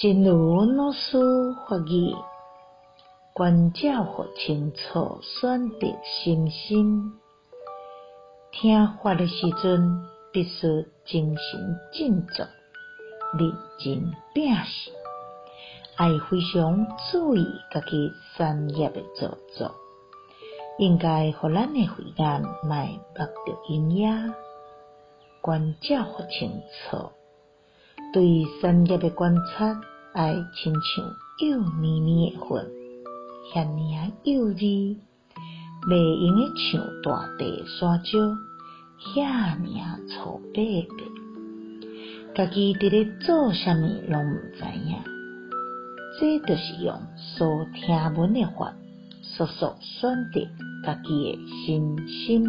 真如老師法語，觀照互清楚，抉擇身心，聽法的時陣必須精神振作，認真摒息，愛非常注意家己三業的造作，應該互咱的慧眼賣目着影影，觀照互清楚。對三業的觀察，愛親像幼綿綿的粉，遐爾幼稚；袂用的像大塊沙石，遐爾粗白白。家己佇咧做啥物攏毋知影。這就是用所聽聞的法，數數抉擇家己的身心，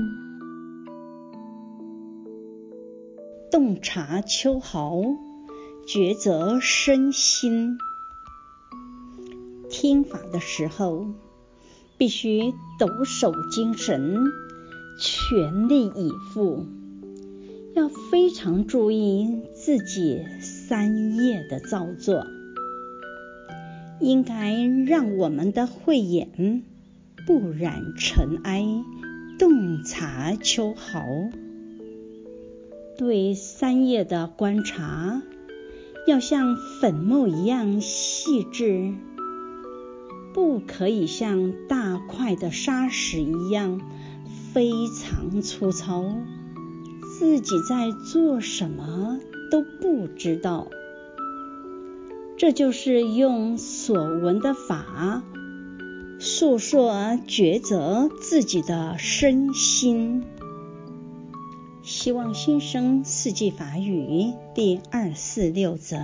洞察秋毫。抉擇身心。聽法的時候，必須抖擻精神，全力以赴，要非常注意自己三業的造作，應該讓我們的慧眼不染塵埃，洞察秋毫，對三業的觀察。要像粉末一樣細緻，不可以像大塊的砂石一樣非常粗糙，自己在做什麼都不知道。這就是用所聞的法，數數而抉擇自己的身心。希望新生四季法語第二四六則。